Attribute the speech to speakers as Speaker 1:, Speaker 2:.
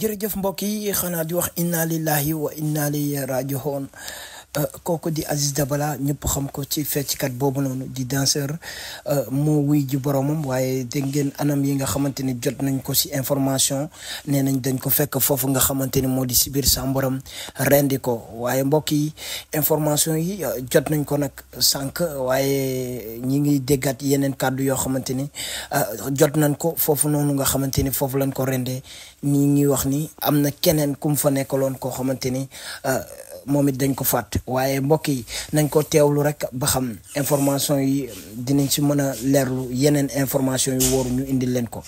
Speaker 1: jërëjëf mbokk yi xanaa di wax inna lillahi wa inna ilayhi raji'un Euh, kooku di Aziz balaa ñëpp xam ko ci fecckat boobu noonu di danseur euh, moo wuy ji boromam waaye dégg ngeen anam yi nga xamante ni jot nañ ko si information nee nañ dañ ko fekk foofu nga xamante ni moo di si biir sàmboram rendi ko waaye mbokk yi information yi euh, jot nañ ko nag sànq waaye ñi ngi déggaat yeneen kàddu yoo xamante ni jot nañ ko foofu noonu nga xamante ni foofu lañ ko rendee ñi ngi wax ni am na keneen kum fa nekkaloon koo xamante ni moom it dañ ko fàtte waaye mbokk yi nañ ko teewlu rek ba xam information yi dinañ si mën a leerlu yeneen information yu wóoru ñu indil leen ko